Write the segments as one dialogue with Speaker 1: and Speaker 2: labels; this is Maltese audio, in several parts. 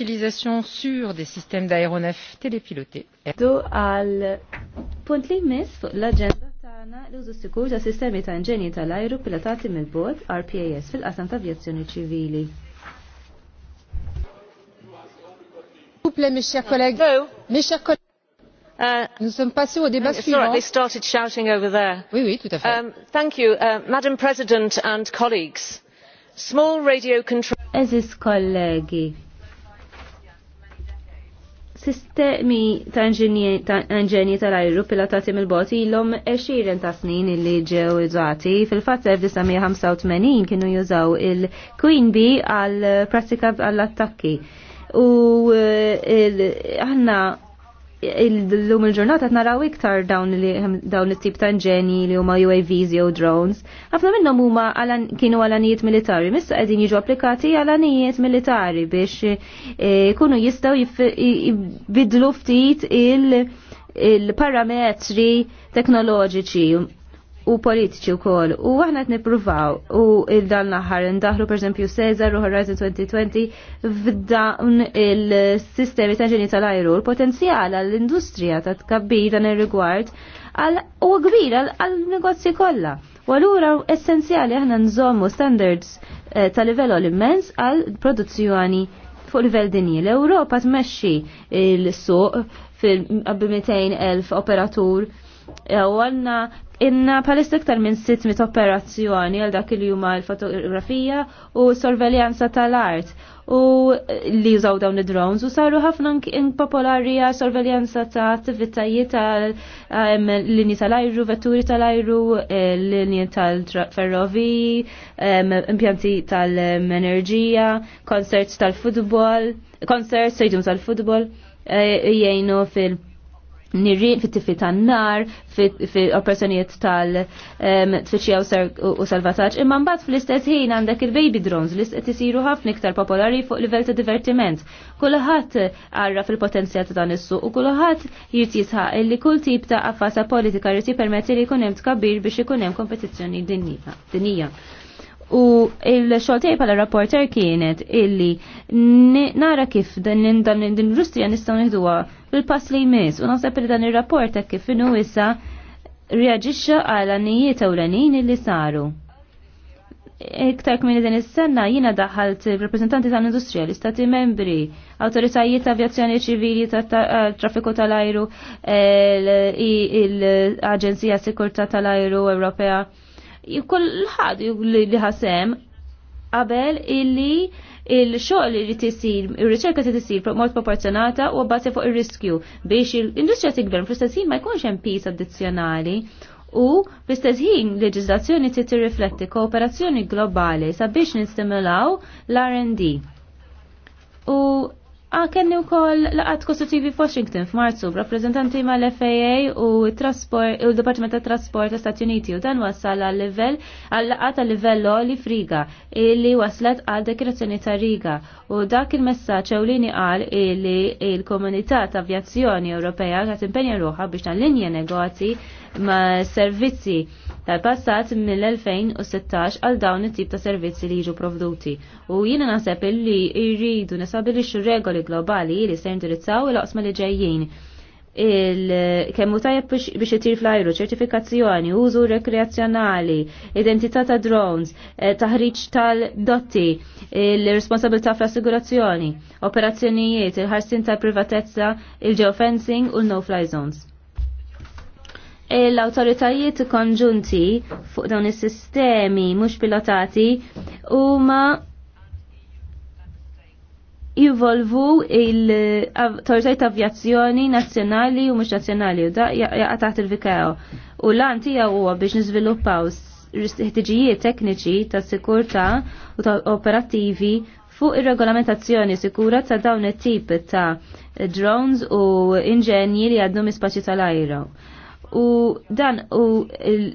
Speaker 1: l'utilisation sûre des systèmes d'aéronefs télépilotés. Do al punt li mis fuq l-agenda tagħna l-użu sikur ta' sistemi ta' inġenji tal-ajru pilotati mill-bord RPAS fil-qasam ta' avjazzjoni ċivili.
Speaker 2: Uh, Nous they
Speaker 1: started shouting over there. Oui, oui, tout à fait. Um, thank you, uh, Madam President and colleagues. Small radio control. Eżis kollegi, sistemi ta' inġenji tal-ajru pilotati mill-bot ilhom eċiren ta' snin illi ġew użati. Fil-fatt 1985 kienu jużaw il-Queen Bee għal prattika għall-attakki. U eh, aħna l-lum il-ġurnata naraw iktar dawn it-tip ta' inġeni li huma UAVs jew drones. Ħafna minnhom huma kienu għalanijiet militari, missa qegħdin jiġu applikati għalanijiet militari biex e, kunu jistgħu jibidlu ftit il-parametri teknoloġiċi u politiċi wkoll. U aħna qed nippruvaw u il-dan l-aħħar indaħlu pereżempju Cesar u Horizon 2020 f'dawn il-sistemi ta' ġeni tal-ajru. l potenzjal għall-industrija ta' tkabbir dan ir-rigward u kbir għall negozji kollha. U allura essenzjali aħna nżommu standards eh, ta' livell immens għal produzzjoni fuq livell dinji. L-Ewropa tmexxi il-suq fil-200,000 operatur għanna inna palist iktar minn 600 operazzjoni għal dak li huma l-fotografija u sorveljanza tal-art u li jużaw dawn id-drones u saru ħafna popolari għal sorveljanza ta' attivitajiet tal linji tal-ajru, vetturi tal-ajru, eh, linji tal-ferrovi, impjanti tal-enerġija, konserts tal-futbol, konserts sejdum tal-futbol, eh, jgħinu fil- nirrin fit-tifi tan-nar, fil-operazzjonijiet tal-tfittxija u salvataġġ, imma mbagħad fl-istess ħin għandek il-baby drones li qed isiru ħafna iktar popolari fuq livell ta' divertiment. Kulħadd għarra fil-potenzjal ta' dan is-suq u kulħadd jrid jisħaq li kull tip ta' affasa politika jrid jippermetti li jkun hemm tkabbir biex ikun hemm kompetizzjoni dinija. U il-xoltej pala rapporter kienet illi nara kif din l-industrija nistaw nihduwa fil-pass li jmiss u naħseb li dan ir-rapport hekk kif issa reaġixxa għal annijiet l-anin li saru. Iktar kmini din is-sena jiena daħalt rappreżentanti tal-industrija, l-istati membri, awtoritajiet ta' avjazzjoni ċivili ta' traffiku tal-ajru, eh, l-Aġenzija Sikurtà tal-Ajru Ewropea. Kull ħad li ħasem qabel illi il-xogħol li tisir, ir-riċerka li tisir mod proporzjonata u bbażi fuq ir-riskju biex l-industrija tikber fl-istess ma jkunx hemm pis addizzjonali u fl-istess ħin leġiżlazzjoni trid tirrifletti kooperazzjoni globali sabiex nistimulaw l-R&D. U A ah, kenni u koll laqat kostitutivi Washington f'Marzu b'rappreżentanti ma l-FAA u l departiment ta' Trasport ta' Stati Uniti u dan wassal għal livell għal laqat għal livell li friga li waslet għal dekrazzjoni ta' Riga u dak il-messaċ ewlini qal li il-Komunità ta' Avjazzjoni Ewropea għat impenja ruħa biex tal-linja negozji ma' servizzi tal-passat mill-2016 għal dawn it-tip ta' servizzi li jiġu provduti. U jiena naħseb li jridu nesabilixxu regoli globali li se jindirizzaw il-oqsma li ġejjin il-kemmu tajab biex jittir fl-ajru, ċertifikazzjoni, użu rekreazzjonali, identità ta' drones, eh, taħriġ tal-dotti, il-responsabilta' fl-assigurazzjoni, operazzjonijiet, il-ħarsin tal-privatezza, il-geofencing u no-fly zones l-autoritajiet konġunti fuq dawn is-sistemi mhux pilotati huma jivolvu il-autoritajiet avjazzjoni nazzjonali u mhux nazzjonali u da jaqa' taħt il-VKO. U lan tiegħu huwa biex niżviluppaw ħtiġijiet tekniċi ta' sikurta u ta' operattivi fuq ir-regolamentazzjoni sikura ta' dawn it-tip ta' drones u inġenji li għadhom ispaċi tal-ajru u dan u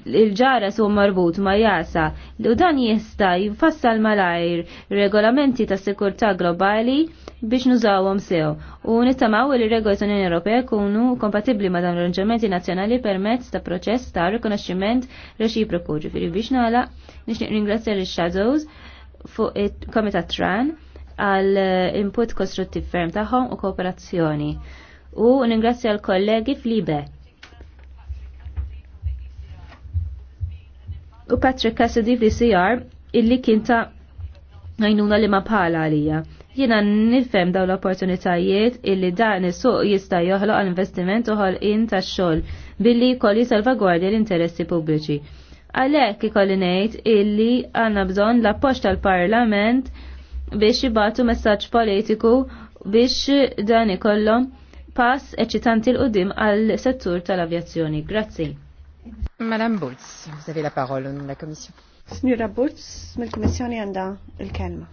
Speaker 1: il ġara su marbut ma jasa u dan jista jinfassal malajr regolamenti ta' sekurtà globali biex nużawhom sew u nittamaw li regoli tal-Unjoni Ewropea kunu kompatibbli ma' dan l-arranġamenti nazzjonali permezz ta' proċess ta' rikonoxximent reċiproku ġifiri biex nagħlaq nixtieq ringrazzja lix-Shadows fuq il komita Tran għal eh, input kostruttiv ferm tagħhom u kooperazzjoni. U ningrazzja l-kollegi fl-IBEC u Patrick Cassidy VCR illi kien ta' għajnuna li ma bħala għalija. Jena nifem daw l-opportunitajiet illi dan is-suq jista' joħloq għal-investiment u ħolqien tax-xogħol billi jkolli salvagwardja l-interessi pubbliċi. Għalhekk ikolli ngħid illi għandna bżonn l-appoġġ tal-Parlament biex jibatu messaġġ politiku biex dan ikollhom pass eċitanti l-qudiem għal settur tal-avjazzjoni. Grazzi. Madame Bulz, vous avez la parole la Commission.
Speaker 2: Signora Bulz, mill-Kommissjoni għandha il-kelma.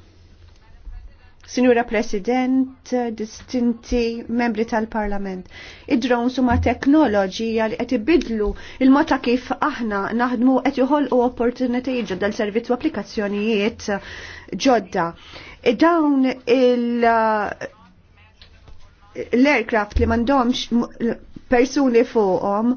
Speaker 2: Signora President, distinti membri tal-Parlament, id-drones huma teknoloġija li qed ibidlu il mota kif aħna naħdmu qed joħolqu opportunitajiet ġodda l servizz u applikazzjonijiet ġodda. Dawn il- l-aircraft li mandomx persuni fuqhom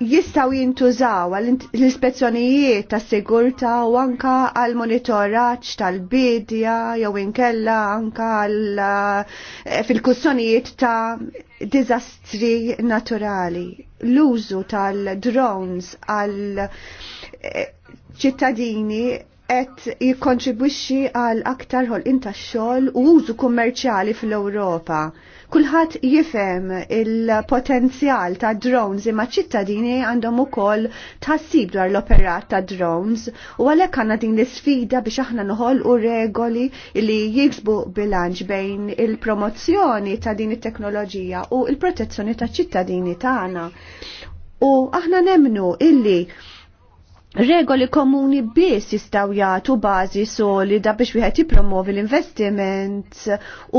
Speaker 2: jistaw jintużaw l-ispezzjonijiet ta' sigurta u anka għal monitoraċ tal-bidja jew inkella anka eh, fil-kussjonijiet ta' dizastri naturali. L-użu tal-drones għal eh, ċittadini qed jikkontribwixxi għal aktar ħolqien tax-xogħol u użu kummerċjali fl-Ewropa. Kulħadd jifhem il-potenzjal ta' drones imma ċittadini għandhom ukoll tħassib dwar l-operat ta' drones u għalhekk għandna din l-isfida biex aħna noħolqu regoli li jiksbu bilanċ bejn il-promozzjoni ta' din it-teknoloġija u il-protezzjoni ta' ċittadini tagħna. U aħna nemnu illi regoli komuni biss jistaw jagħtu bażi solida biex wieħed jippromovi l-investiment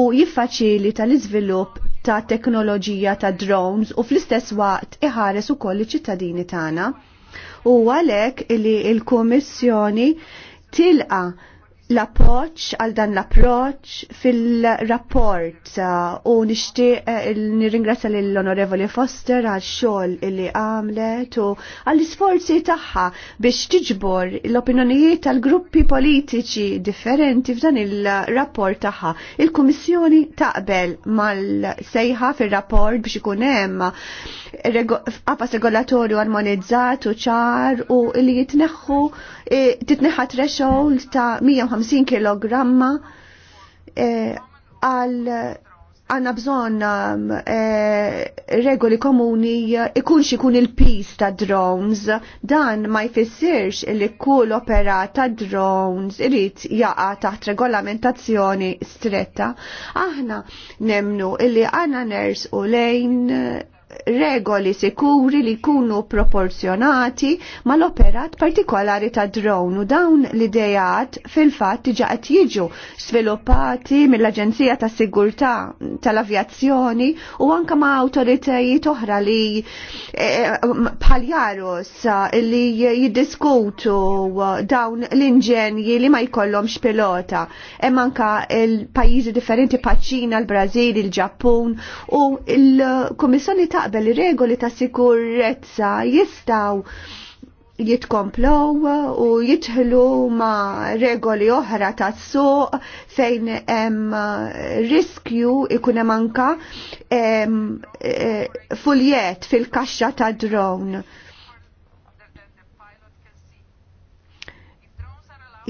Speaker 2: u jiffaċilita l-iżvilupp ta' teknoloġija ta' drones u fl-istess waqt iħares ukoll iċ-ċittadini tagħna. U għalhekk li l-Kummissjoni tilqa' l-appoċ għal dan l-approċ fil-rapport uh, u nishtiq uh, nirringrazzja l-Onorevoli Foster għal xogħol illi għamlet u għall isforzi tagħha biex tiġbor l-opinjonijiet tal-gruppi politiċi differenti f'dan il-rapport tagħha. Il-Kummissjoni taqbel mal-sejħa fil-rapport biex ikun hemm qapas regolatorju armonizzat u ċar u li jitneħħu eh, titneħħa threshold ta' 150 50 kg eh, għal għanna bżon um, eh, regoli komuni ikun xikun il-pis ta' drones dan ma jfissirx li kull opera ta' drones irrit jaqa taħt regolamentazzjoni stretta aħna nemnu illi għanna ners u lejn regoli sikuri li jkunu proporzjonati mal-operat partikolari ta' drone u dawn l-idejat fil-fat diġa qed jiġu sviluppati mill-Aġenzija ta' Sigurtà tal-Avjazzjoni u anka ma' awtoritajiet oħra li eh, eh, bħal eh, li jiddiskutu dawn l-inġenji li ma jkollhomx pilota. Hemm anka il pajjiżi differenti paċ-Ċina, l-Brażil, il-Ġappun u l-Kummissjoni ta' naqbel regoli ta' sikurezza jistaw jitkomplow u jitħlu ma' regoli oħra ta' suq fejn hemm eh, riskju ikun hemm anka eh, eh, fuljet fil-kaxxa ta' drone.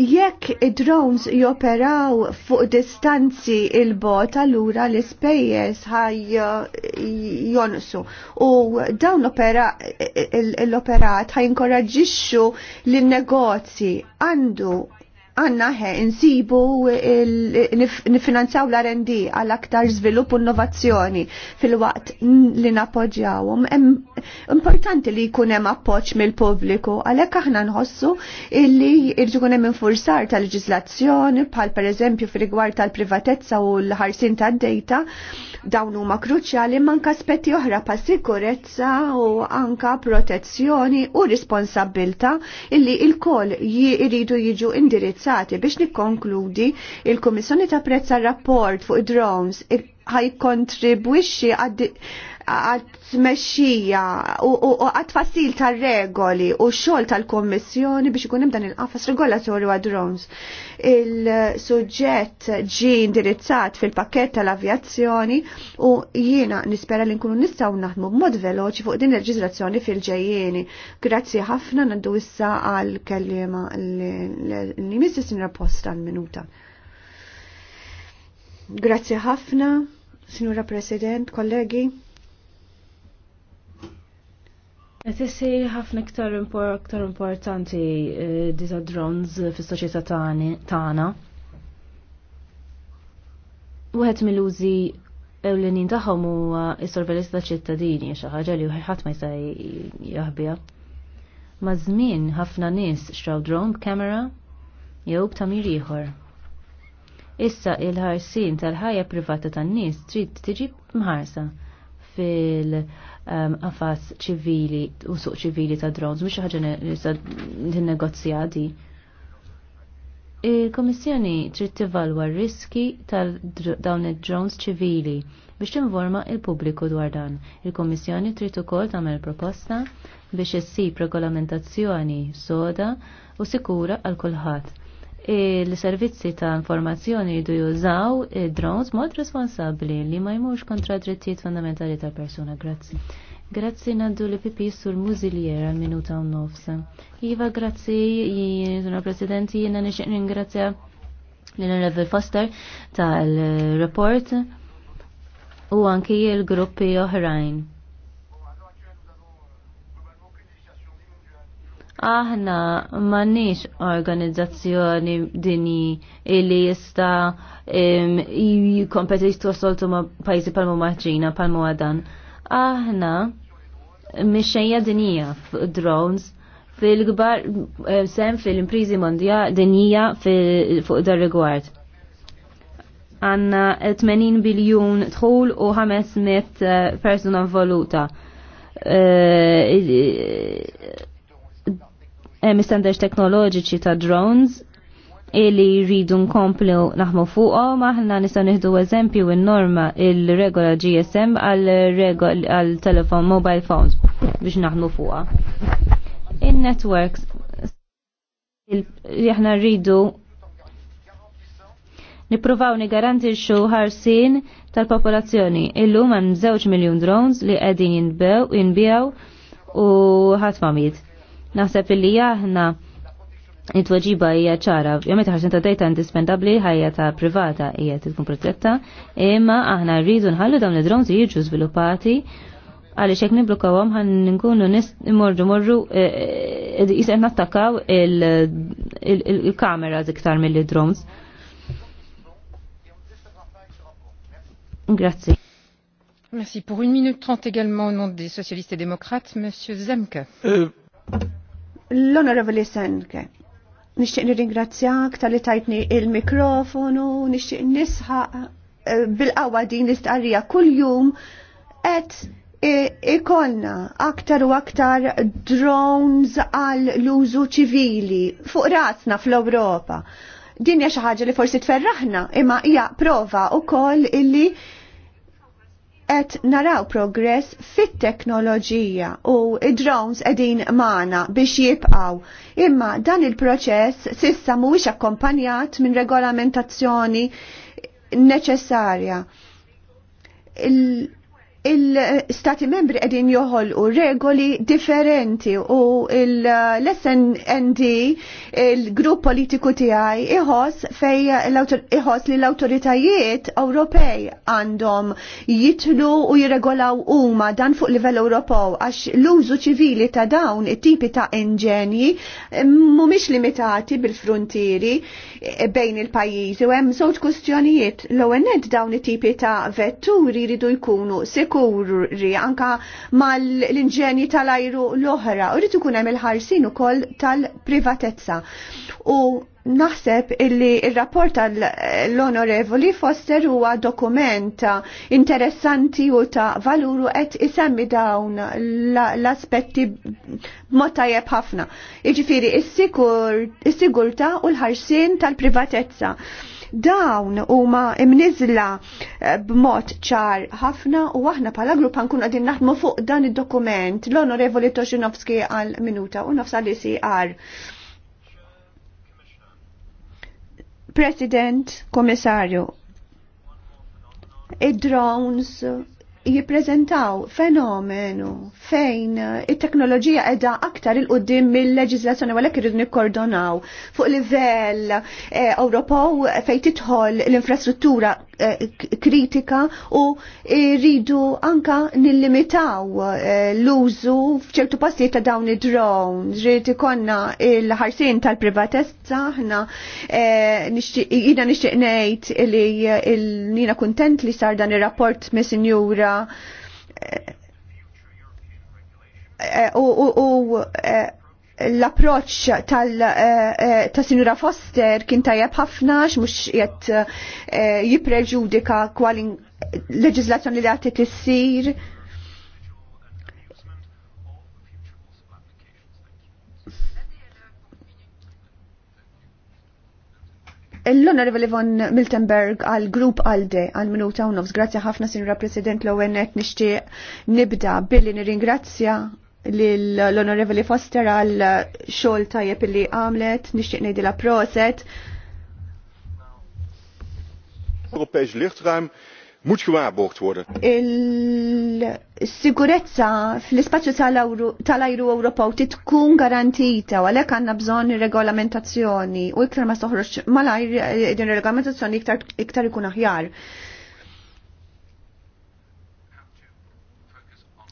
Speaker 2: Jekk id-drones joperaw fuq distanzi il-bot allura l-ispejjeż ħaj uh, jonsu u dawn l-operat ħaj inkoraġixxu l negozji għandu għanna insibu nifinanzjaw l-R&D għal aktar zvilup u innovazzjoni fil-waqt li napoġġjawhom. Importanti li jkun hemm appoġġ mill-pubbliku għalhekk aħna nħossu li jrid hemm infursar tal-leġiżlazzjoni bħal pereżempju fil rigward tal-privatezza u l-ħarsin tad-dejta Dawn huma kruċjali manka aspetti oħra pa' sikurezza u anka protezzjoni u responsabilta illi il-koll jiridu jiġu indirizzati biex nikkonkludi il-Komissjoni ta' prezza rapport fuq id-drones ħaj kontribwixi għad għat-tmexxija u għat fasil tal-regoli u xol tal-Kommissjoni biex ikun hemm dan il-qafas regolatorju għad drones. Il-suġġett ġi indirizzat fil-pakket tal-avjazzjoni u jiena nispera li nkunu nistgħu naħdmu b'mod veloċi fuq din il-leġiżlazzjoni fil-ġejjieni. Grazzi ħafna nandu issa għal kellima li missis posta l-minuta. Grazzi ħafna, Signora President, kollegi.
Speaker 1: Qed isir ħafna iktar aktar importanti eh, diża drones fis-soċjetà tagħna. Wieħed mill-użi ewlenin tagħhom huwa s-sorveljanza ta' ċittadini xi ħaġa li ħadd ma jista' jaħbiha. Ma' żmien ħafna nies xraw drone b'kamera jew b'tamir ieħor. Issa il-ħarsin tal-ħajja privata tan-nies trid tiġi mħarsa fil- Um, għafas ċivili u suq ċivili ta' drones, mux ħagġa di. Il-Komissjoni trid tivalwa riski tal-dawn id-drones ċivili biex tinforma il-pubbliku dwar dan. Il-Komissjoni trid ukoll tagħmel proposta biex issib regolamentazzjoni soda u sikura għal kulħadd il-servizzi ta' informazzjoni jridu jużaw drones mod responsabbli li ma jmurx kontra drittijiet fundamentali tal persuna. Grazzi. Grazzi naddu li pipi sur mużiljera minuta u nofsa. Iva, grazzi, jina presidenti, jina nixin ringrazzja l-Level Foster tal-report u anki l-gruppi oħrajn. aħna manniex organizzazzjoni dini illi jista jikompeti jistosoltu ma pajzi palmu maċina palmu għadan. Aħna mixxejja dinija f-drones fil-gbar sem fil-imprizi mondja dinija fuq dar rigward. Għanna 80 biljun tħul u 500 eh, persuna voluta. Uh, standards teknoloġiċi ta' drones illi jridu nkomplu naħmu fuqhom aħna nistgħu nieħdu eżempju in-norma il-regola GSM għal telefon mobile phones biex naħmu fuqha. In-networks aħna rridu nippruvaw nigarantixxu ħarsin tal-popolazzjoni. Illum hemm żewġ miljun drones li qegħdin jinbew jinbijaw u ħadd ma' Naħseb illi aħna it-tweġiba hija ċara, jew meta ħarsin ta' data indispendabbli ħajja ta' privata hija tkun protetta, imma aħna rridu nħallu dawn id-drones jiġu żviluppati għaliex hekk niblukawhom ħan nkunu morru morru jisem eh, eh, nattakaw il-kameras iktar mill-drones. Grazie. Merci. Pour une minute trente également au nom des socialistes et
Speaker 2: démocrates, Monsieur Zemke. Euh... L-Onorevoli Senke, nixtieq nirringrazzjak tal-li tajtni il-mikrofonu, nixtieq nisħaq eh, bil-qawa din l-istqarrija kull-jum qed ikonna aktar u aktar drones għal l-użu ċivili fuq rasna fl-Europa. Din xi ħaġa li forsi tferraħna imma hija prova wkoll illi qed naraw progress fit-teknoloġija u id-drones qegħdin magħna biex jibqgħu. Imma dan il-proċess sissa mhuwiex akkompanjat minn regolamentazzjoni neċessarja il-stati membri għedin joħol u regoli differenti u l-SND il-grupp politiku tijaj iħos fej iħos li l-autoritajiet Ewropej għandhom jitlu u jiregolaw huma dan fuq livell Ewropew għax l-użu ċivili ta' dawn it-tipi ta' inġenji mhumiex limitati bil-frontieri bejn il-pajjiżi u hemm żewġ kustjonijiet l oned dawn it-tipi ta' vetturi jridu jkunu sik sikuri anka mal-inġenji tal-ajru l-oħra. Urrit ikun hemm il-ħarsin ukoll tal-privatezza. U naħseb illi il-rapport tal-onorevoli Foster huwa dokument interessanti u ta' valuru qed isemmi dawn l-aspetti mod tajjeb ħafna. Jiġifieri is-sigurta u l-ħarsien tal-privatezza. Dawn huma imniżla eh, b'mod ċar ħafna u aħna bħala grupp nkun qegħdin naħdmu fuq dan id-dokument l-Onorevoli Toxinovski għal minuta u nofsa li CR. President, Komissarju, id-drones jippreżentaw fenomenu fejn eh, it-teknoloġija edha aktar il-qoddim mill-leġizlazzjoni għalhekk irridu nikkordonaw fuq livell eh, Ewropew eh, fejn tidħol l-infrastruttura Eh, kritika u rridu anka nillimitaw eh, l-użu f'ċertu passijiet ta' dawn id drones Ġrid ikonna il-ħarsien tal-privatezza ħna eh, jina nixtieq ngħid li l-nina kuntent li sar dan ir-rapport mis-sinjura u l-approċ tal eh, eh, ta' Sinura Foster kien tajjeb ħafna mux jett eh, jipreġudika kwalin leġizlazzjoni li għati tissir. L-Honorable Yvonne Miltenberg għal Grupp Alde għal minuta u nofs. Grazie ħafna, Sinjura President, l-ONET nishtiq nibda billi nirringrazzja l-Onorevoli Foster għal xol tajjeb li għamlet, nixtieq la proset. Europees luchtruim moet gewaarborgd worden. Il-sigurezza fl-ispazju tal-ajru Ewropew tkun garantita u għalhekk għandna bżonn regolamentazzjoni u iktar ma soħroġ mal-ajr eh, din regolamentazzjoni iktar ikun aħjar.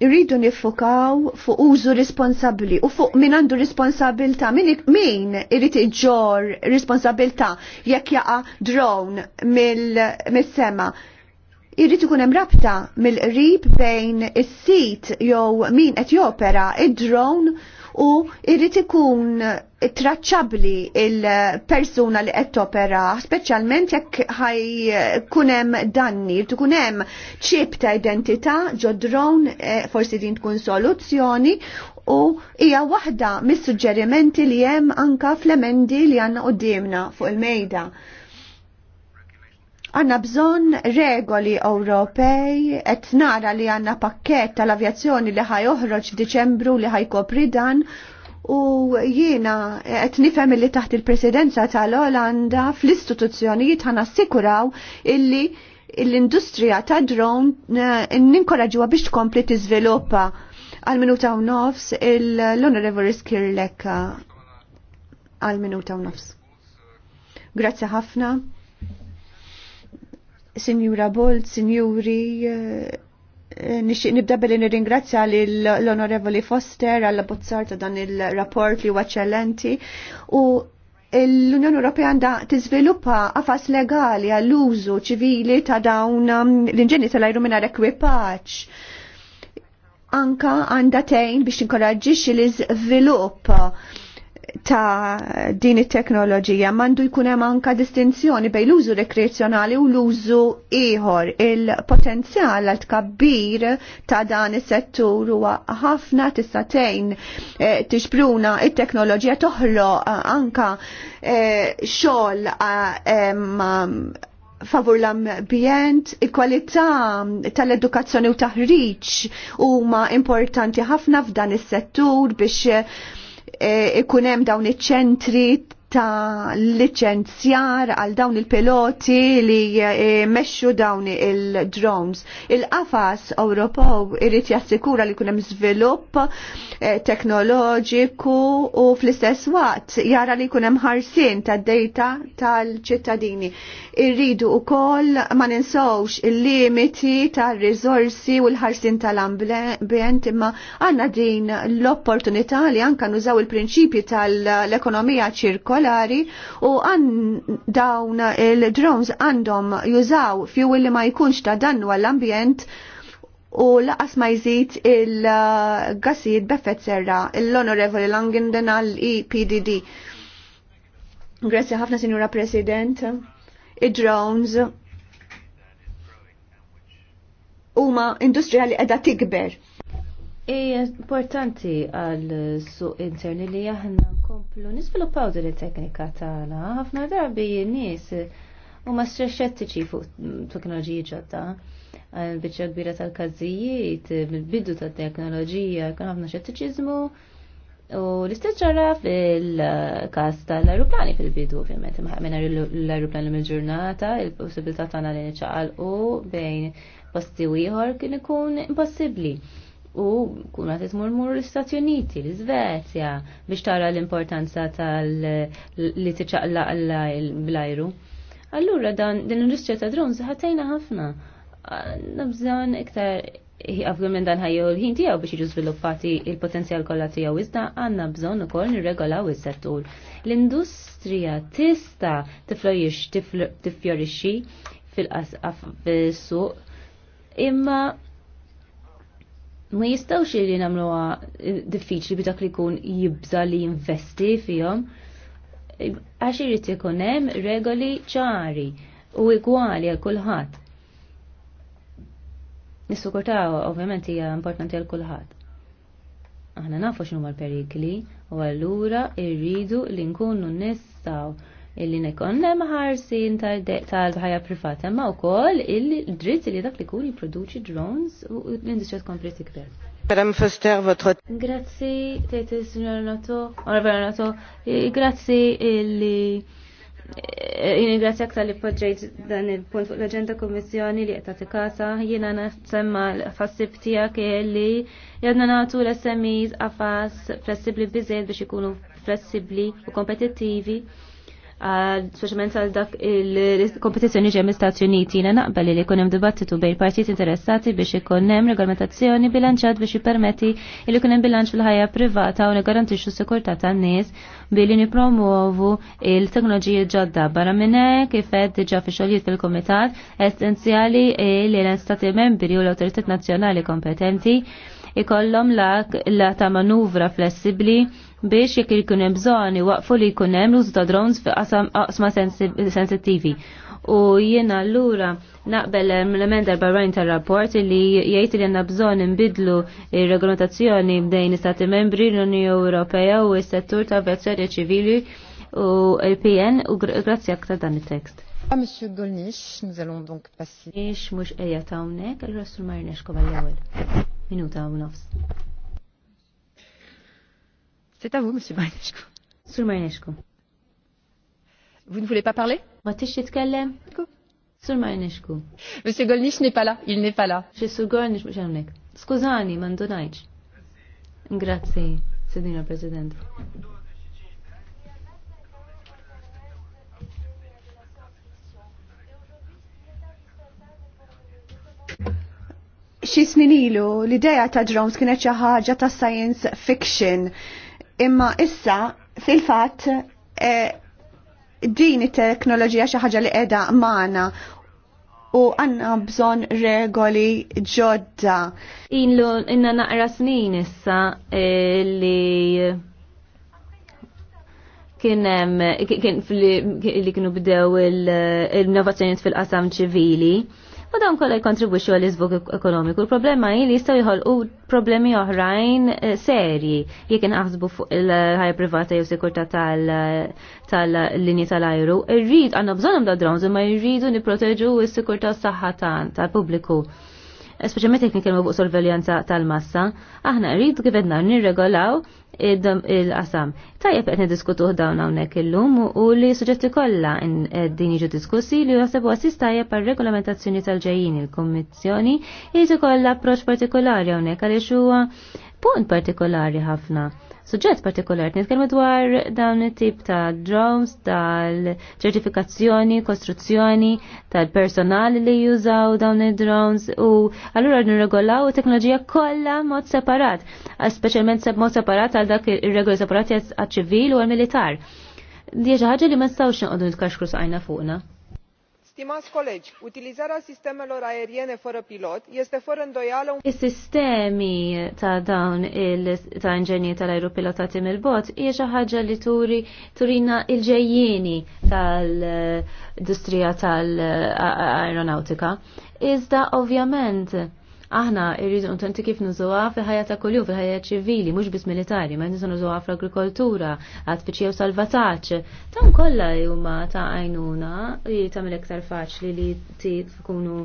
Speaker 2: irridu nifukaw fuq użu responsabli u fuq min għandu responsabilta min, min irrid iġor responsabilta jekk jaqa drone mill-sema. Irid ikun hemm rabta mill-qrib bejn is-sit jew min qed jopera id-drone u irrit ikun traċċabli il-persuna li qed opera, speċjalment jekk ħaj kunem danni, irrit hemm ċib ta' identità ġodron, drone, e, forsi din tkun soluzzjoni u hija waħda mis-suġġerimenti li hemm anka fl-emendi li għandna qudiemna fuq il-mejda. Għanna bżon regoli Ewropej, et nara li għanna pakket tal-avjazzjoni li ħaj uħroġ f'Diċembru li ħaj kopridan dan, u jiena et nifem li taħt il-presidenza tal-Olanda fl-istituzzjonijiet ħana sikuraw illi l-industrija ta' drone eh, ninkoraġuwa biex tkompli t-izviluppa għal-minuta u nofs l-Honorable Skirlek eh, għal-minuta u nofs. Grazie ħafna. Sinjura Bolt, Sinjuri, eh, eh, nixtieq nibda billi nirringrazzja l-Onorevoli Foster għall bozzar ta' dan il-rapport li huwa eċċellenti u l-Unjoni Ewropea għandha tiżviluppa qafas legali għall-użu ċivili ta' dawn um, l-inġeni tal-ajru mingħajr ekwipaġġ. Anka għandha tgħin biex tinkoraġġixxi l-iżvilupp ta' din it-teknoloġija mandu jkun hemm anka distinzjoni bejn l-użu rekreazzjonali u l-użu ieħor. Il-potenzjal għal tkabbir ta' dan is-settur huwa ħafna tista' tgħin eh, tixpruna it-teknoloġija toħloq eh, anka eh, xogħol favur l-ambjent, il-kwalità tal-edukazzjoni u taħriġ huma importanti ħafna f'dan is-settur biex Eh, ikun hemm dawn iċ-ċentri ta' licenzjar għal dawn il-piloti li eh, meċxu dawn il-drones. Il-qafas Ewropew irrit jassikura li kunem svilupp eh, teknoloġiku u fl-istess waqt jara li kunem ħarsin ta' data tal-ċittadini. Irridu u koll ma ninsawx il-limiti ta' rizorsi u l-ħarsin tal-ambient imma għanna din l-opportunità li anka nużaw il-prinċipi tal-ekonomija ċirkol, partikolari u għan dawn il-drones għandhom jużaw fjuwil li ma jkunx ta' dannu għall-ambjent u laqas ma jżid il-gassijiet beffet serra l-Onorevoli Langenden għall-EPDD. Grazie ħafna, Signora President. Id-drones huma industrija li qiegħda tikber Ija
Speaker 1: importanti għal suq interni li aħna nkomplu nisviluppaw din it-teknika tagħna. Ħafna darbi n-nies huma xettiċi fuq teknoloġiji ġodda. Biċċa kbira tal-każijiet, mill-bidu tat-teknoloġija kien ħafna xettiċiżmu. U l-istess ġara fil-każ tal-aeroplani fil-bidu ovvjament, minn l-aeroplani mill-ġurnata, il-possibilità tagħna li niċċaqalqu bejn posti u ieħor kien ikun impossibbli u kuna t-tmur mur l-Istati Uniti, l-Svezja, biex tara l-importanza tal-li t-ċaqla l-ajru. Allura dan din l-industrija ta' drones ħatajna ħafna. Nabżon iktar għafgħu minn dan ħajju l-ħin tijaw biex iġu sviluppati il-potenzjal kollha tijaw iżda għanna bżon ukoll nirregolaw is-settur. L-industrija tista' tiflorixxi fil-qasqaf fil suq imma ma jistawx li namluwa eh, diffiċli bi dak li kun jibza li investi fihom. Għax irid ikun hemm regoli ċari u igwali għal kulħadd. Is-sukurtà ovvjament hija importanti għal kulħadd. Aħna nafu x'numa l-perikli u allura irridu li nkunu nistgħu illi nekonna maħarsin tal-ħajja privata ma' wkoll il-dritt li dak li kun jipproduċi drones u l-industrija tkompli kber. Madame Foster, votre... Grazzi, tete, signor Noto, onorevole Noto, grazzi illi Jini grazzi aktar li podġejt dan il-punt fuq l-agenda kommissjoni li għetati kasa, jina nasemma l-fassib tijak li jadna natu l-SMEs għafas flessibli bizzed biex ikunu flessibli u kompetittivi specialment għal dak il-kompetizjoni ġemmi Stati Uniti na naqbel li kunem dibattitu bej partijiet interessati biex ikonem regolamentazzjoni bilanċat biex jipermetti li kunem bilanċ fil-ħajja privata u negarantixxu sikurtà tan-nies billi nipromuovu il-teknoloġiji ġodda barra minne kifed diġa fi xogħlijiet fil-Kumitat essenzjali li l-Stati membri u l autoritet nazzjonali kompetenti ikollhom la ta' manuvra flessibbli biex jekk ikun hemm bżonn waqfu li jkun hemm l-użu ta' drones fi qasma sensittivi. U jiena allura naqbel l-element 40 tar-rapport li jgħid li għandna bżonn inbidlu ir-regolamentazzjoni bdejn istati membri l-Unjoni Ewropea u s-settur ta' avjazzjoni ċivili u l-PN u grazzi aktar dan it-tekst.
Speaker 2: Ah, Monsieur Golnish, nous allons donc passer. Nix
Speaker 1: mux eja tawnek, il-Rassul Marinesh kobal Minuta u nofs. C'est à vous, Monsieur Marinescu. Sur Marinescu. Vous ne voulez pas parler Ma tix jitkellem? Sur Marinescu. Monsieur Golnish n'est pas là, il n'est pas là. Je suis Golnish, mux għamnek. Skużani, mandunajċ. Grazie, Sidina President.
Speaker 2: Xi snin ilu l-idea ta' drones kienet xi ħaġa ta' science fiction Imma issa fil-fatt din e, it-teknoloġija xi ħaġa li qiegħda magħna u għanna bżon regoli ġodda. Inlu inna naqra snin issa
Speaker 1: e, li kienem kien li kienu bdew il-innovazzjoniet fil-qasam ċivili u dawn kollha jkontribwixxu għal iżvuk ekonomiku. Il-problema hi li jistgħu jħolqu problemi oħrajn eh, serji jekk inqasbu fuq il-ħajja privata jew sikurtà tal-linji tal-ajru. Irrid għandna bżonn da drones imma jridu nipproteġu s-sikurtà s-saħħa tal-pubbliku speċjalment jekk nitkellmu fuq sorveljanza tal-massa, aħna rrid għivedna nirregolaw il-qasam. Tajjeb qed niddiskutuh dawn hawnhekk illum u li suġġetti kollha din jiġu diskussi li jaħsebu assist tajjeb għar regolamentazzjoni tal-ġejjin il-Kummissjoni jiġu ikollha approċċ partikolari hawnhekk għaliex huwa punt partikolari ħafna suġġett partikolari, Nitkellmu dwar dawn it-tip ta' drones, tal-ċertifikazzjoni, kostruzzjoni, tal-personal li jużaw dawn id-drones u allura nirregolaw it-teknoloġija kollha mod separat, speċjalment mod separat għal dak ir-regoli separati għal ċivil u għal militar. Dieġa ħaġa li ma nistgħux noqogħdu nitkaxkru sajna fuqna.
Speaker 2: Stimați colegi, utilizarea sistemelor aeriene fără pilot este fără îndoială un...
Speaker 1: Is-sistemi ta' dawn ta' inġenji tal-aeropilotati mill-bot hija xi ħaġa li turi turina il-ġejjieni tal-industrija tal-aeronautika. Iżda ovvjament Aħna irridu intenti kif nużuha fil-ħajja ta' kuljum fil-ħajja ċivili, mhux biss militari, ma nisu nużuha fl-agrikoltura, għad u salvataġġ. Ta' kollha huma ta' għajnuna li tagħmel iktar faċli li tkunu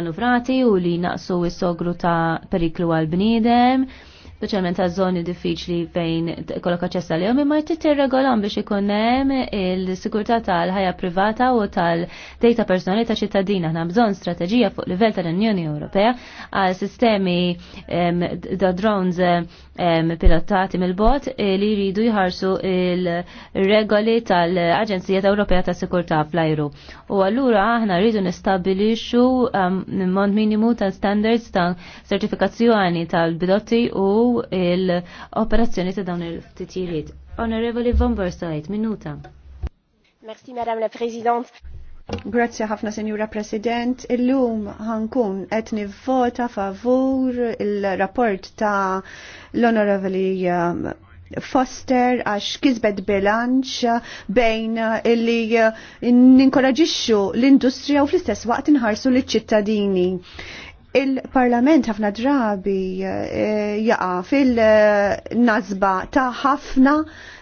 Speaker 1: manuvrati u li naqsu s-sogru ta' periklu għal bniedem speċjalment ta' żoni diffiċli fejn kollok aċċess għalihom imma jrid tirregolhom biex ikun hemm il-sigurtà tal-ħajja privata u tal data personali ta' ċittadina. Aħna bżonn strateġija fuq livell tal-Unjoni Ewropea għal sistemi da' drones pilotati mill-bot eh, li jridu jħarsu il-regoli tal-Aġenzija Ewropea ta' Sikurtà fl-ajru. U allura aħna rridu nistabilixxu mond minimu ta' standards ta' sertifikazzjoni tal-bidotti u l-operazzjoni ta' dawn il-titjiriet. Onorevoli Von Borsajt, minuta.
Speaker 2: Merci, Madame la Présidente. Grazie ħafna Senjura President. Illum ħankun qed nivvota favur il-rapport ta' l-Onorevoli um, Foster għax kisbet bilanċ bejn illi uh, ninkoraġixxu l-industrija u fl-istess waqt inħarsu l-ċittadini il-parlament ħafna drabi eh, jaqa fil-nazba ta' ħafna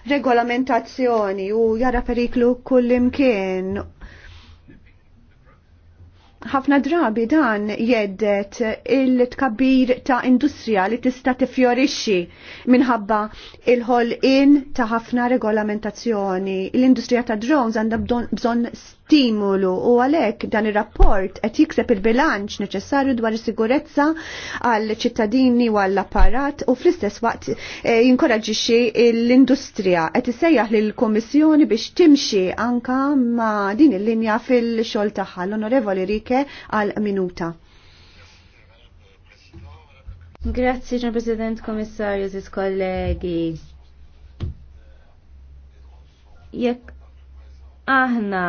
Speaker 2: regolamentazzjoni u jara periklu kullimkien. ħafna drabi dan jeddet il-tkabbir ta' industrija li tista' tifjorixxi minħabba il in ta' ħafna regolamentazzjoni. L-industrija ta' drones għandha bżonn stimulu u għalhekk dan ir-rapport qed jikseb il-bilanċ neċessarju dwar is-sigurezza għall ċittadini u għall apparat u fl-istess waqt eh, jinkoraġġixxi l-industrija qed isejjaħ lil kommissjoni biex timxi anka ma' din il-linja fil-xogħol tagħha l-Onorevoli Rike għal minuta.
Speaker 1: Grazzi, ġen President Komissarju, zis kollegi. Jekk aħna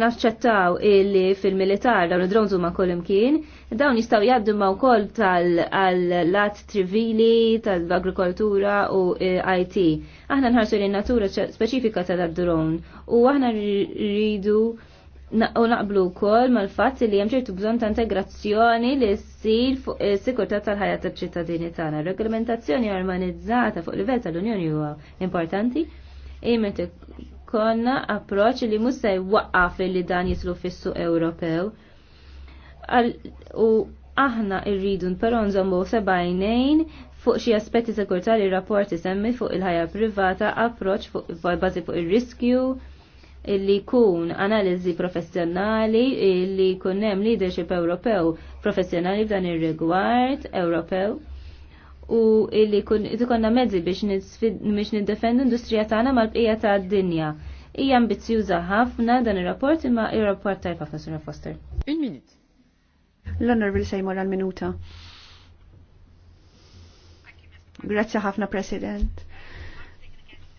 Speaker 1: naċċettaw illi fil-militar dawn id-drones huma kollim kien, dawn jistgħu jgħaddu ma wkoll tal-lat trivili, tal-agrikoltura u eh, IT. Aħna nħarsu li natura speċifika tal-drone u aħna rridu u naqblu wkoll mal-fatt li hemm ċertu bżonn ta' integrazzjoni li ssir fuq is-sikurtà eh, tal-ħajja tal-ċittadini tagħna. Regolamentazzjoni armanizzata fuq livell tal-Unjoni huwa importanti. Imet Konna approċ li mhux se jwaqqaf li dan jitlu fis-suq Ewropew. U aħna rridu però nżommu sebajnejn fuq xi aspetti sekurtà li rapporti semmi fuq il-ħajja privata approċ fuq bazi fuq ir-riskju illi kun analizi professjonali illi kunnem hemm leadership Ewropew professjonali f'dan ir-rigward Ewropew u illi konna mezzi biex niddefendu industrija tagħna mal-bqija tad-dinja. Hija ambizzjuża ħafna dan ir-rapport imma ir-rapport tajb ħafna Sra. Foster.
Speaker 2: Il minut. L-Honorable Seymour għal minuta. Grazzi ħafna President.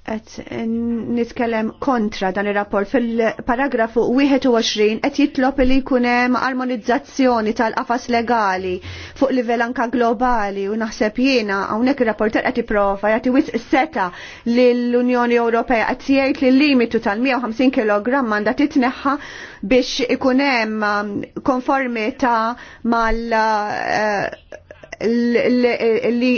Speaker 2: Et nitkellem kontra dan ir-rapport fil-paragrafu 21 qed jitlob li jkun hemm armonizzazzjoni tal-qafas legali fuq livell anka globali u naħseb jiena hawnhekk ir-rapporter qed jipprova jagħti wisq seta lill-Unjoni Ewropea qed jgħid li l-limitu tal-150 kg għandha titneħħa biex ikun hemm um, konformità mal uh, li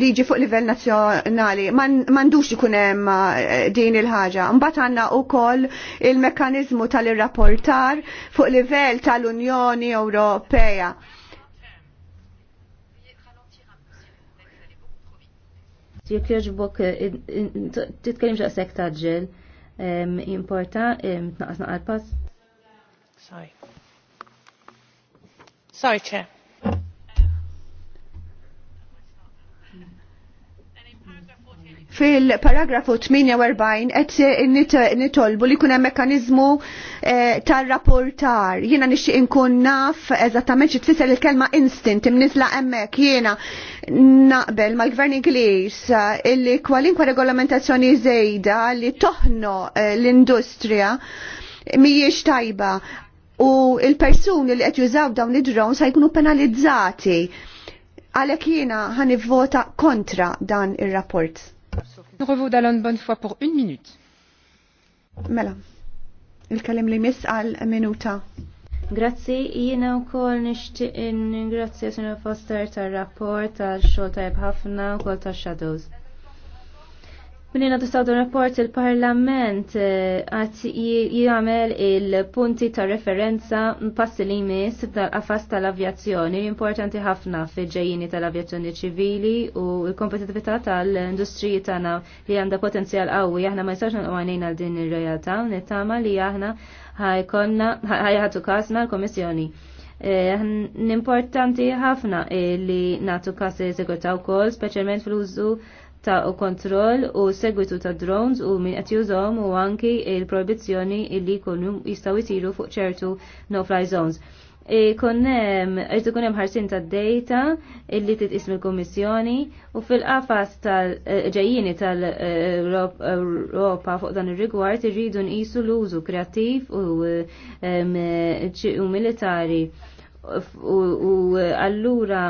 Speaker 2: liġi fuq livell nazzjonali man ikun hemm eh, din il-ħaġa. Mbagħad għandna wkoll il-mekkaniżmu tal-irrapportar fuq livell tal-Unjoni Ewropea.
Speaker 1: Jekk jogħġbok titkellim xaqsek taġġel, importa tnaqqas naqal pass?
Speaker 2: Sorry. Sorry, Chair. Fil-paragrafu 48 qed nitolbu li jkun hemm mekkaniżmu eh, tar-rapportar. Jiena nixtieq inkun naf eżattament xi tfisser il-kelma instant imnisla hemmhekk jiena naqbel mal-Gvern Ingliż eh, illi kwalinkwa regolamentazzjoni żejda li toħno eh, l-industrija mhijiex tajba u il-persuni li qed jużaw dawn id-drones jkunu penalizzati Għalek jena ħan vota kontra dan il-rapport. Nħovu dal-on bon fois pour un minut. Mela, il-kalim li mis għal minuta. Grazzi, jiena u
Speaker 1: kol nishtiq in grazzi Sina Foster tal-rapport tal-xol tajb ħafna u kol tal-shadows. Minnina tistawdu rapport il-parlament eh, għat jgħamel il-punti ta' referenza passi li jmiss tal-qafas tal-avjazzjoni importanti ħafna fil-ġejjini tal-avjazzjoni ċivili u l-kompetitività tal-industriji tagħna li għandha potenzjal qawwi aħna ma jistax għanejn għal din ir-realtà nittama li aħna ħajkonna ħajħatu kasna l-Komissjoni. Eh, n-importanti ħafna eh, li natu kasi segurta u kol, specialment fl-użu ta' u kontroll u segwitu ta' drones u min qed jużhom u anki il-proibizzjoni illi jkunu jistgħu jsiru fuq ċertu no-fly zones. E, konnem, għajtu kunem ħarsin ta' data illi titqis mill komissjoni u fil-qafas tal-ġejjini e, tal-Europa fuq dan ir-rigward irridu nqisu l-użu kreattiv u militari u allura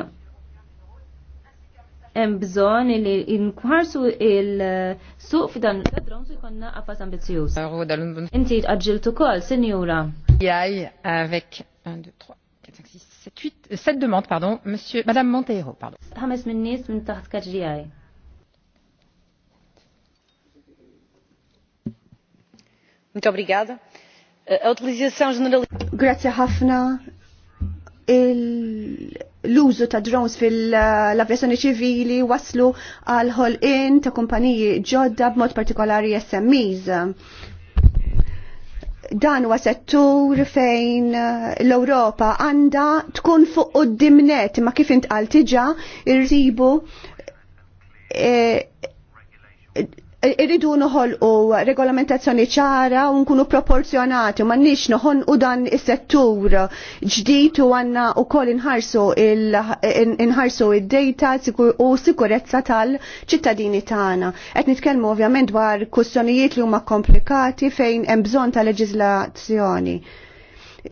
Speaker 1: hemm bżonn li nħarsu il-suq f'dan l-drom su jkollna qafas ambizzjuż. Inti tqaġġilt ukoll, sinjura. Jaj, avec 1 2 3 7 demandes pardon, monsieur madame Monteiro, pardon. Hamas minn nies minn taħt kaġġijaj.
Speaker 2: Muito obrigada. A utilização generalizada. Grazie Hafna l-użu ta' drones fil-avjazzjoni ċivili waslu għal ħolqien ta' kumpaniji ġodda b'mod partikolari SMEs. Dan huwa settur fejn l-Ewropa għandha tkun fuq dimnet ma kif intqal tiġa irribu eh, irridu noħolqu regolamentazzjoni ċara u nkunu proporzjonati ma nix nħon u dan is-settur ġdid u għanna u koll inħarsu id-data u sikurezza tal-ċittadini tagħna. Qed nitkellmu ovvjament dwar kwistjonijiet li huma komplikati fejn hemm bżonn ta' leġiżlazzjoni. E,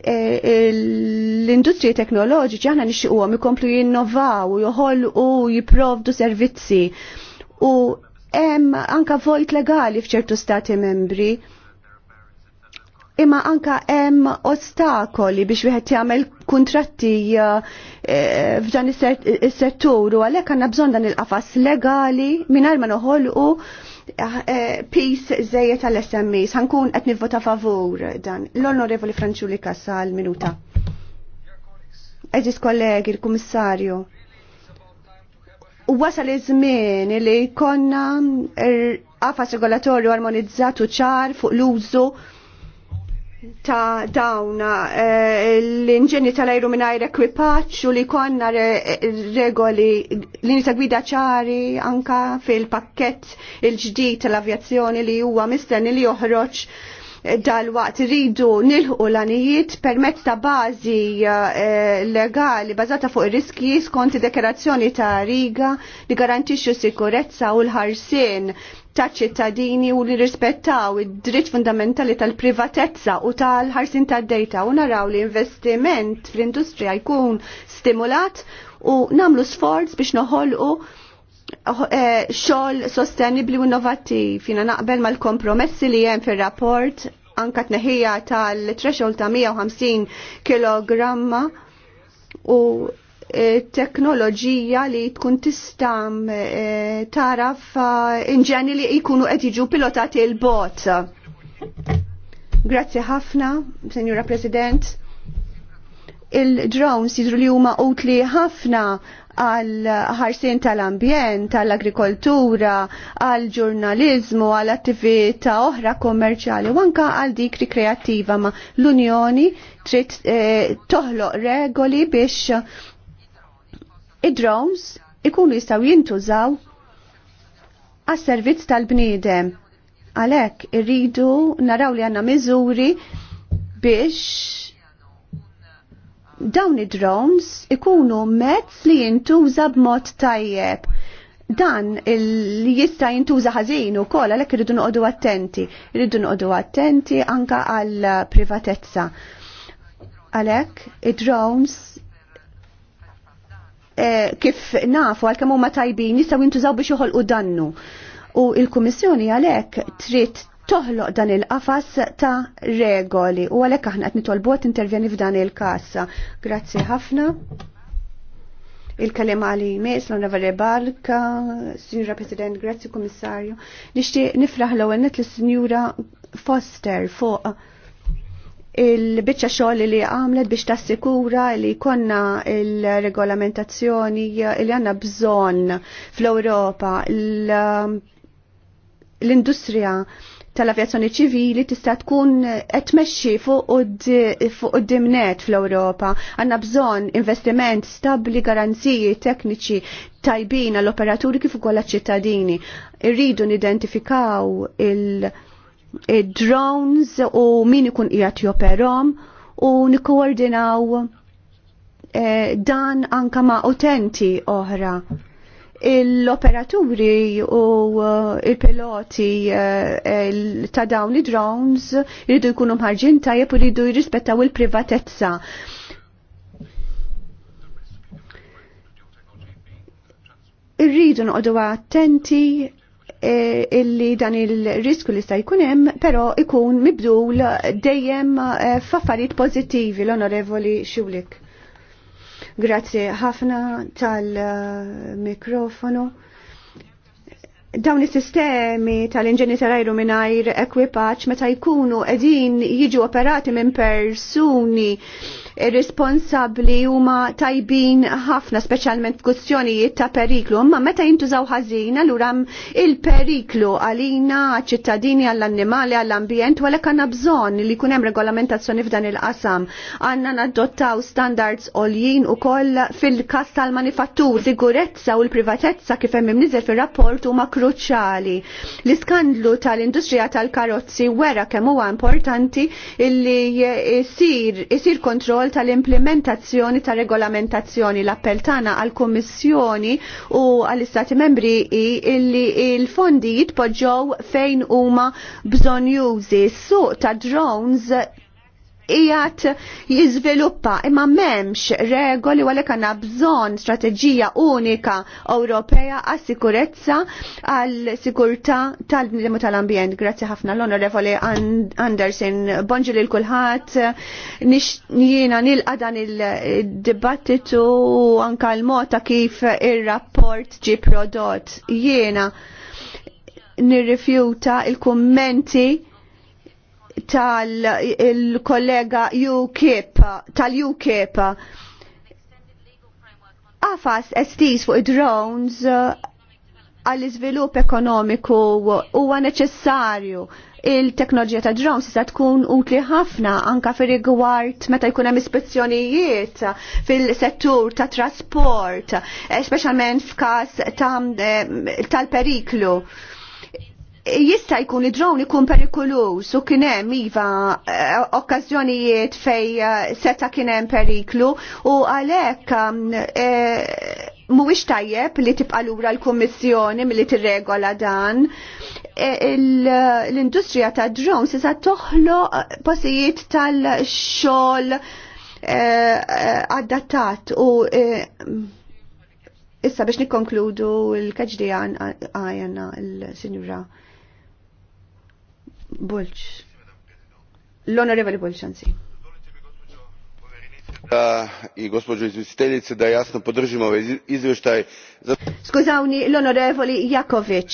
Speaker 2: L-industriji teknoloġiċi aħna nixtiequhom ikomplu jinnovaw u u jipprovdu servizzi u hemm anka vojt legali f'ċertu stati membri imma anka hemm ostakoli biex wieħed jagħmel kuntratti eh, f'dan is-settur u għalhekk għandna bżonn dan il-qafas legali mingħajr ma noħolqu eh, pis żejjed tal-SMEs. Ħankun qed nivvota favur dan. L-Onorevoli Franċuli Kassal minuta. Eġis kollegi, il-Kummissarju. U wasal iż-żmien li konna għafas regolatorju armonizzatu ċar fuq l-użu ta' dawna eh, l inġeni tal-ajru minn ekwipaċ u li konna regoli l-inita gwida ċari anka fil-pakket il-ġdijt tal-avjazzjoni li huwa mistenni li joħroġ dal-waqt rridu nilħu l-anijiet permezz ta' bażi eh, legali bażata fuq ir-riski skont dekorazzjoni ta' riga li garantixxu sikurezza u l-ħarsien ta' ċittadini u li rispettaw id-dritt fundamentali tal-privatezza u tal-ħarsin tad-dejta u naraw li investiment fl-industrija jkun stimulat u namlu sforz biex noħolqu Eh, xogħol sostenibli u innovattiv. fina naqbel mal-kompromessi li hemm fir-rapport anka tneħija tal-threshold ta' 150 kg u eh, teknoloġija li tkun tistam eh, taraf inġeni li jkunu qed jiġu pilotati il bot Grazzi ħafna, Senjura President. Il-drones jidru li huma utli ħafna għal ħarsin tal-ambjent, tal-agrikoltura, għal ġurnalizmu, għal attività oħra kommerċjali u anka għal dik rikreattiva ma l-Unjoni trid eh, toħloq regoli biex id-drones ikunu jistgħu jintużaw għas servizz tal-bniedem. Għalhekk irridu naraw li għandna miżuri biex dawn id-drones ikunu mezz li jintuża b'mod tajjeb. Dan li jista' jintuża ħażin ukoll għalhekk irridu noqogħdu attenti, irridu noqogħdu attenti anka għal privatezza. Għalhekk id-drones eh, kif nafu għalkemm huma tajbin jistgħu jintużaw biex joħolqu dannu. U il-Kummissjoni għalhekk trid toħloq dan il-qafas ta' regoli u għalhekk aħna qed nitolbot intervjeni f'dan il-każ. Grazzi ħafna. Il-kalima għali mes, l-onorevole Barka, Signora President, grazzi Komissarju. Nixtieq nifraħ l-ewwel net lis-Sinjura Foster fuq il-bicċa xoll li għamlet biex tassikura li konna il-regolamentazzjoni li għanna bżon fl-Europa l-industrija tal-avjazzjoni ċivili tista' tkun eh, qed tmexxi fuq dimnet fl-Ewropa. Għandna bżonn investiment stabbli, garanziji tekniċi tajbin għall-operaturi kif ukoll ċittadini. Irridu nidentifikaw il-drones u min ikun qiegħed joperhom u nikkoordinaw eh, dan anka ma' utenti oħra l-operaturi u uh, il-piloti uh, ta' dawn id-drones jridu jkunu mħarġin tajjeb u jridu jirrispettaw il-privatezza. Irridu noqogħdu attenti eh, illi dan il-risku li sta' jkunem, pero ikun mibdul dejjem eh, f'affarijiet pozittivi l-onorevoli Xulik. Grazzi ħafna tal-mikrofonu. Dawn is-sistemi tal-inġeni tal-ajru mingħajr ekwipaġġ meta jkunu qegħdin jiġu operati minn persuni u huma tajbin ħafna speċjalment f'kustjonijiet ta' periklu, imma meta jintużaw ħażin allura il-periklu għalina ċittadini għall-annimali għall-ambjent wala għandna bżonn li jkun hemm regolamentazzjoni f'dan il-qasam. Għanna nadottaw standards u koll fil-kas tal-manifattur, sigurezza u l-privatezza kif hemm imniżel fir-rapport huma kruċjali. L-iskandlu tal-industrija tal-karozzi wera kemm huwa importanti illi isir kontroll xogħol tal-implementazzjoni ta' regolamentazzjoni l-appell tagħna għall-Kummissjoni u għall-Istati Membri illi il-fondi jitpoġġew fejn huma bżonn jużi. Suq ta' drones ijat jizviluppa imma memx regoli għalek għanna bżon strategija unika Ewropea għas sikurezza għal sikurta tal-bnidimu tal-ambjent. Grazie ħafna l-onorevoli Andersen. Bonġu li l-kulħat. Jina nilqa dan il-dibattitu anka l-mota kif il-rapport ġi prodott. Jiena nirrifjuta il-kommenti tal-kollega UKIP, tal-UKIP, għafas estis fuq drones uh, għall-izvilup ekonomiku huwa neċessarju il-teknoloġija ta' drones se tkun utli ħafna anka fir rigward meta jkun hemm ispezzjonijiet fil-settur ta' trasport, speċjalment f'każ eh, tal-periklu. Ta jista' jkun id drone ikun perikolus u kien hemm iva eh, okkażjonijiet fej eh, seta' kien hemm periklu u għalhekk um, eh, mhuwiex tajjeb li tibqa' lura l-Kummissjoni milli tirregola dan. E, l-industrija ta' drones se' toħlo posijiet tal-xogħol adattat u issa biex nikkonkludu l-kaġdijan għajana l-sinjura. Bulċ. L-Onorevoli Bulċanzi. għanzi. i gospođo
Speaker 1: izvjestiteljice da jasno podržim ovaj izvještaj.
Speaker 2: Skuzavni l-Onorevoli Jakovic.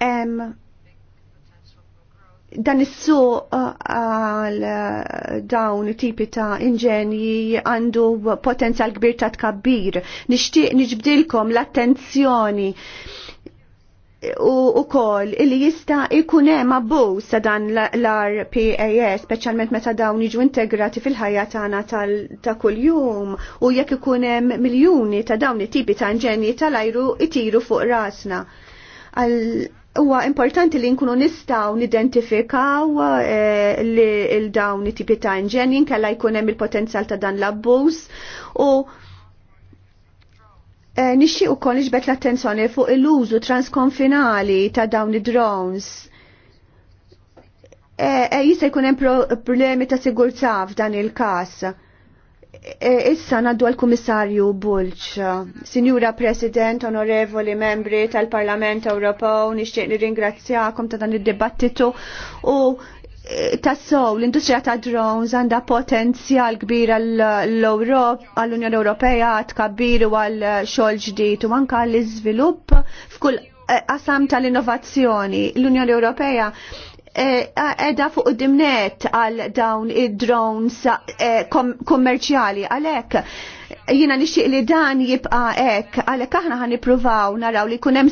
Speaker 2: Um, dan is-su uh, għal uh, dawn tipi ta' inġenji għandu potenzjal kbir ta' tkabbir. Nixtieq niġbdilkom l-attenzjoni u ukoll illi jista' ikun hemm abbuż ta' dan l-RPAS, speċjalment meta dawn jiġu integrati fil-ħajja tagħna ta' kuljum u jekk ikun hemm miljuni ta' dawn it-tipi ta' inġenji tal-ajru itiru fuq rasna huwa importanti li nkunu nistaw nidentifikaw eh, li l dawn it-tipi ta' inġenjin kellha jkun hemm il-potenzjal ta' dan l-abbuż u eh, ukoll niġbed l-attenzjoni fuq il-użu transkonfinali ta' dawn id-drones. Eh, eh, jista' jkun hemm problemi ta' sigurtà f'dan il-każ E, issa naddu għal-Kummissarju Bulċ, Sinjura President, Onorevoli Membri tal-Parlament Ewropew, nixtieq nirringrazzjakom ta' dan id-dibattitu u e, tassow l-industrija ta' drones għandha potenzjal kbir għall-Unjoni Ewropea tkabbir u għal xogħol ġdid u anke għall-iżvilupp f'kull e, qasam tal-innovazzjoni. L-Unjoni Ewropea Eh, edha fuq dimnet għal dawn id-drones eh, kommerċjali għalek jina nixtieq li dan jibqa' hekk għalhekk aħna ħan nippruvaw naraw li jkun hemm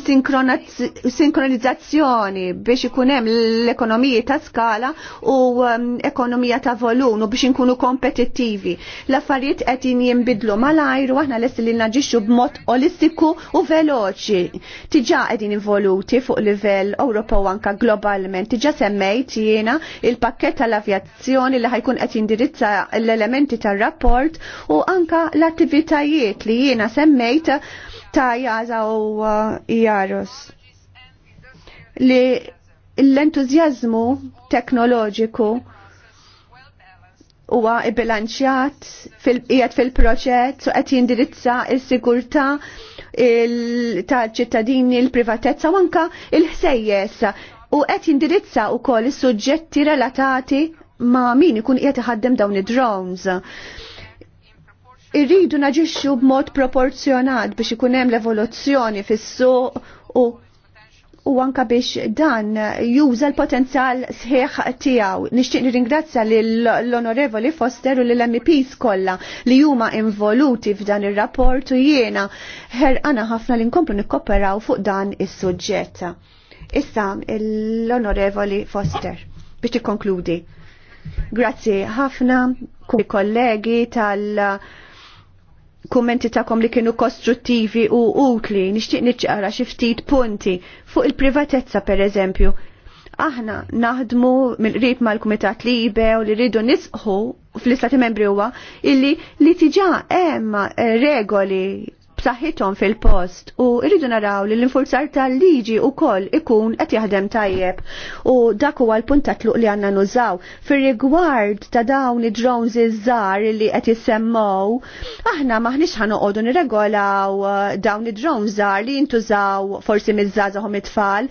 Speaker 2: sinkronizzazzjoni biex ikun hemm l-ekonomiji ta' skala u um, ekonomija ta' volum u biex inkunu kompetittivi. L-affarijiet qed jinbidlu malajru aħna lesti li naġixxu b'mod olistiku u veloċi. Tiġa qegħdin involuti fuq livell Ewropew anka globalment. Tiġa semmejt jiena il-pakket tal-avjazzjoni li ħajkun qed jindirizza l-elementi tar-rapport u anka l-attività l-attivitajiet li jiena semmejt ta' jaza u jaros. Uh, li l-entuzjazmu teknoloġiku huwa ibilanċjat qiegħed fil-proċett u qed jindirizza s-sigurtà ta' ċittadini l-privatezza u anka il-ħsejjes u qed jindirizza wkoll is-suġġetti relatati ma' min ikun qiegħed iħaddem dawn id-drones irridu naġixxu b'mod proporzjonat biex ikun hemm l-evoluzzjoni fis-suq u u anka biex dan juża l-potenzjal sħiħ tiegħu. Nixtieq nirringrazzja lill-Onorevoli Foster u lill-MPs kollha li huma involuti f'dan ir-rapport u jiena ħerqana ħafna li nkomplu nikkoperaw fuq dan is-suġġett. Issa l-Onorevoli Foster biex tikkonkludi. Grazzi ħafna kollegi tal- kummenti ta'kom li kienu kostruttivi u utli, nixtieq niċċara xi ftit punti fuq il-privatezza per eżempju. Aħna naħdmu mill-qrib mal-Kumitat Libe u li rridu nisqħu fl-Istati Membri huwa illi li tiġa hemm eh, regoli saħħithom fil-post u rridu naraw li l-infurzar tal-liġi wkoll ikun qed jaħdem tajjeb u dak huwa l-punt ta' tluq li għandna nużaw. Fir-rigward ta' dawn id-drones iż-żar li qed jissemmow, aħna maħniex ħanoqogħdu nirregolaw uh, dawn id-drones żar li jintużaw forsi miż-żgħażagħhom it-tfal.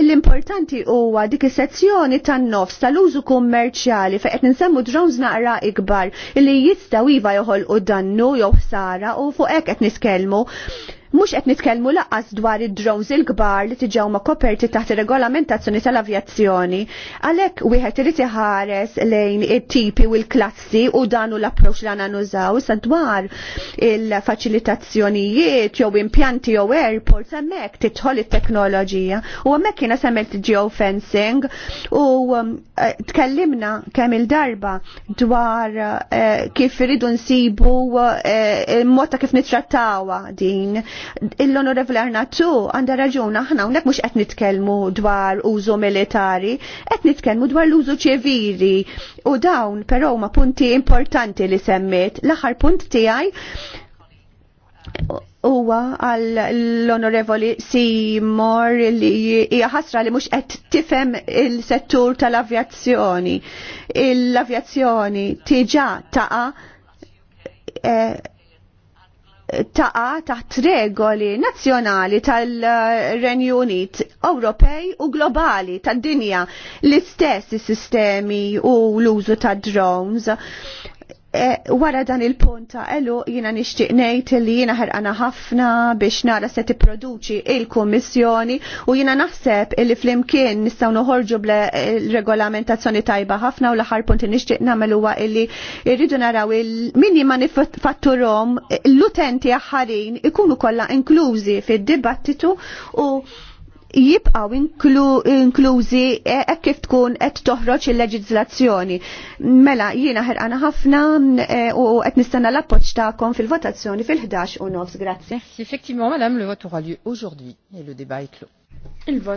Speaker 2: L-importanti huwa dik is-sezzjoni tan-nofs tal-użu kummerċjali fejn qed nsemmu drones naqra ikbar li jistgħu iva joħolqu dannu jew ħsara u fuq hekk qed niskellmu nitkellmu Mux qed nitkellmu laqqas dwar id-drones il-kbar li tiġew ma' koperti taħt ir-regolamentazzjoni tal-avjazzjoni. Għalhekk wieħed irid iħares lejn it-tipi u l-klassi u danu l-approċċ li għandna nużaw sa dwar il-faċilitazzjonijiet jew impjanti jew airports hemmhekk titħol it-teknoloġija u hemmhekk jiena semmelt geofencing u um, eh, tkellimna kemm il-darba dwar eh, kif iridu nsibu eh, mod ta' kif nittrattawa din Il-Onorevole Arnazzu għandha raġun aħna hawnhekk mhux qed nitkellmu dwar użu militari, qed nitkellmu dwar l-użu ċivili u dawn però ma punti importanti li semmiet. L-aħħar punt tiegħi huwa għall l-onorevoli Seymour li hija ħasra li mhux qed tifhem il-settur tal-avjazzjoni. il avjazzjoni tiġa taqa' eh, taqa taħt regoli nazzjonali tal-Renju Unit, Ewropej u globali tad-dinja l-istess sistemi u l-użu ta' drones. Eh, wara dan il-punta elu jina nishtiq nejt li jina ħerqana ħafna biex nara se tipproduċi il-kommissjoni u jina naħseb li flimkien nistgħu noħorġu bla regolamentazzjoni tajba ħafna u l ħar punti nixtieq nagħmel huwa illi rridu naraw il-minni ma nifatturhom l-utenti aħarin ikunu kollha inklużi fid-dibattitu u jibqaw inklużi hekk e kif tkun qed toħroġ il leġizlazzjoni Mela jiena ħerqana ħafna e, u qed nistenna l-appoġġ tagħkom fil-votazzjoni fil-11 u nofs. Grazzi. Effectivement, madame, le vote aura lieu aujourd'hui et le débat est
Speaker 1: clos.